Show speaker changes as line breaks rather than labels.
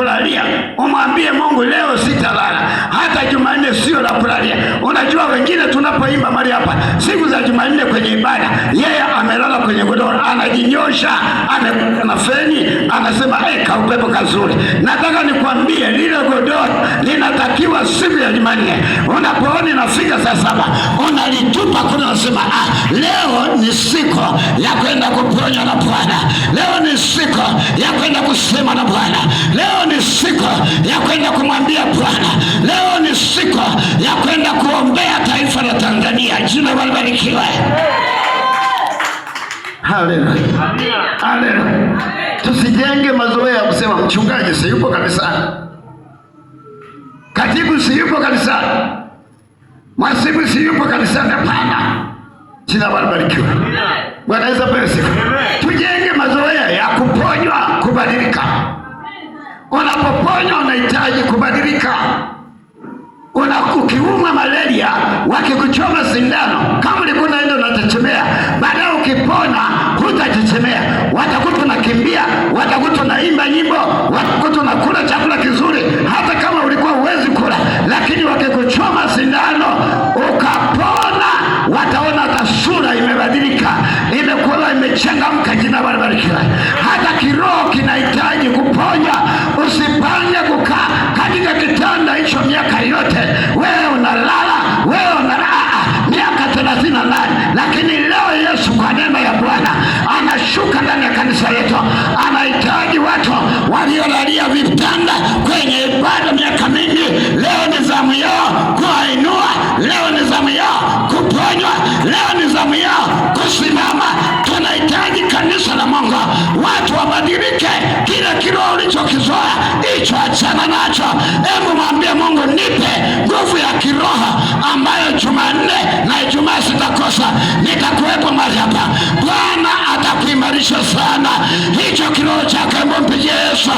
kulalia, umwambie Mungu leo sitalala. Unajua wengine tunapoimba mali hapa siku za Jumanne kwenye ibada, yeye amelala kwenye godoro, anajinyosha, amekuka na feni, anasema hey, kaupepo kazuri. Nataka nikwambie lile godoro linatakiwa siku ya Jumanne unapoona nafika saa saba unalitupa kuna, unasema ah, leo ni siku ya kwenda kuponywa na Bwana, leo ni siku ya kwenda kusema na Bwana, leo ni siku ya kwenda kumwambia Bwana, leo ni siku ya kwenda ku Haleluya, jina walibarikiwa.
Haleluya, haleluya. Tusijenge mazoea ya kusema mchungaji siyupo kanisani, katibu siyupo kanisani, mwasibu siyupo na pana. jina walibarikiwa. Bwana Yesu asifiwe. Tujenge mazoea ya kuponywa, kubadilika. Unapoponywa unahitaji kubadilika malaria wakikuchoma sindano, kama ulikuwa unaenda unatetemea, baadaye ukipona hutatetemea. Watakuta unakimbia, watakuta unaimba nyimbo, watakuta unakula chakula kizuri, hata kama ulikuwa huwezi kula, lakini wakikuchoma sindano ukapona, wataona hata sura imebadilika, imekuwa imechangamka. Jina barabarikiwa. Hata kiroho kinahitaji kuponya. Usipange kukaa katika kitanda hicho miaka yote. huduma ya Bwana anashuka ndani ya kanisa letu. Anahitaji watu waliolalia vitanda kwenye ibada miaka mingi, leo ni zamu yao kuwainua, leo ni zamu yao kuponywa, leo ni zamu yao kusimama. Tunahitaji kanisa la Mungu, watu wabadilike. kila kiroho ulichokizoa hicho achana nacho. Hebu mwambie Mungu, nipe nguvu ya kiroho ambayo chuma sitakosa, nitakuwepo mahali hapa. Bwana atakuimarisha sana, hicho kiroho chake, mpigie Yesu.